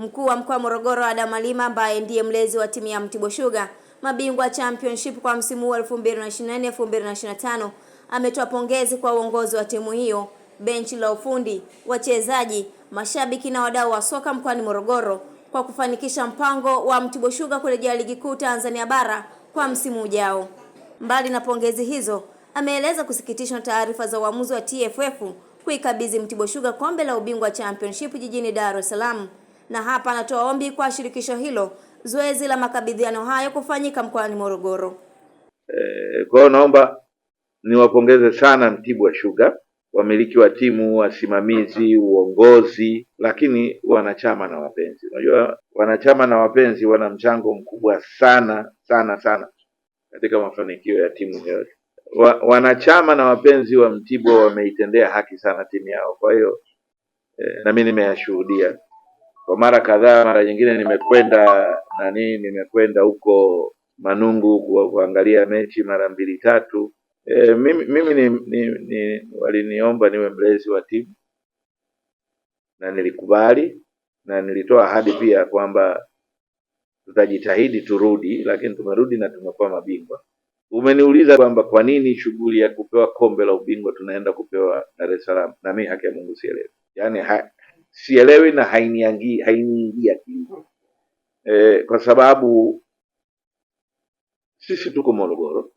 Mkuu wa mkoa wa Morogoro Adam Malima ambaye ndiye mlezi wa timu ya Mtibwa Sugar mabingwa championship kwa msimu wa 2024 2025 ametoa pongezi kwa uongozi wa timu hiyo, benchi la ufundi, wachezaji, mashabiki na wadau wa soka mkoani Morogoro kwa kufanikisha mpango wa Mtibwa Sugar kurejea ligi kuu Tanzania bara kwa msimu ujao. Mbali na pongezi hizo, ameeleza kusikitishwa na taarifa za uamuzi wa TFF kuikabidhi Mtibwa Sugar kombe la ubingwa championship jijini Dar es Salaam na hapa anatoa ombi kwa shirikisho hilo zoezi la makabidhiano hayo kufanyika mkoani Morogoro. E, kwa hiyo naomba niwapongeze sana Mtibwa Sugar, wamiliki wa timu, wasimamizi, uongozi, lakini wanachama na wapenzi. Unajua wanachama na wapenzi wana mchango mkubwa sana sana sana katika mafanikio ya timu hiyo. Wa, wanachama na wapenzi wa Mtibwa wameitendea haki sana timu yao, kwa hiyo e, na mimi nimeyashuhudia. Kwa mara kadhaa, mara nyingine nimekwenda nani, nimekwenda huko Manungu kuangalia mechi mara mbili tatu. E, mimi, mimi ni, ni, ni waliniomba niwe mlezi wa timu na nilikubali, na nilitoa ahadi pia kwamba tutajitahidi turudi, lakini tumerudi na tumekuwa mabingwa. Umeniuliza kwamba kwa nini shughuli ya kupewa kombe la ubingwa tunaenda kupewa Dar es Salaam, na mimi haki ya Mungu sielewi, yaani sielewi na hainiingia haini akili e, kwa sababu sisi tuko Morogoro,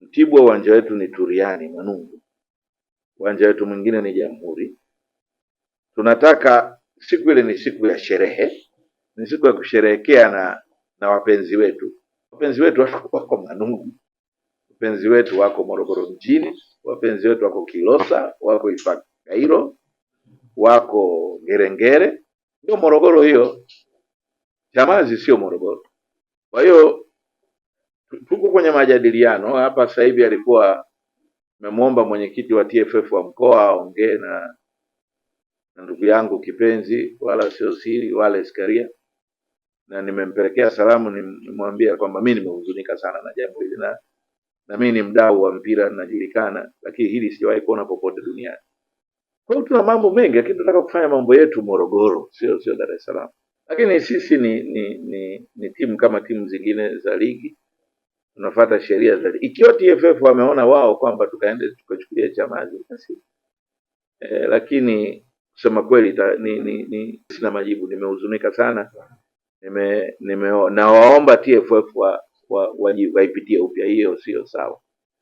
Mtibwa uwanja wetu ni Turiani Manungu, uwanja wetu mwingine ni Jamhuri. Tunataka siku ile ni siku ya sherehe, ni siku ya kusherehekea na na wapenzi wetu. Wapenzi wetu wako Manungu, wapenzi wetu wako Morogoro mjini, wapenzi wetu wako Kilosa, wako Ifakairo wako Ngerengere, ndio Morogoro hiyo, Chamazi sio Morogoro. Kwa hiyo tuko kwenye majadiliano hapa sasa hivi, alikuwa nimemwomba mwenyekiti wa TFF wa mkoa aongee na ndugu yangu kipenzi, wala sio siri, wala Iskaria, na nimempelekea salamu, nimwambia kwamba mi nimehuzunika sana na jambo hili, na na mi ni mdau wa mpira, najulikana, lakini hili sijawahi kuona popote duniani. Kwa hiyo tuna mambo mengi, lakini tunataka kufanya mambo yetu Morogoro, sio sio Dar es Salaam. Lakini sisi ni ni ni, ni timu kama timu zingine za ligi, tunafuata sheria za ligi. Ikiwa TFF wameona wao kwamba tukaende tukachukulia Chamazi basi e, lakini kusema kweli ta, ni, ni, ni, sina majibu, nimehuzunika sana nime, nime, nawaomba TFF wa, wa, wa, waipitie upya, hiyo sio sawa.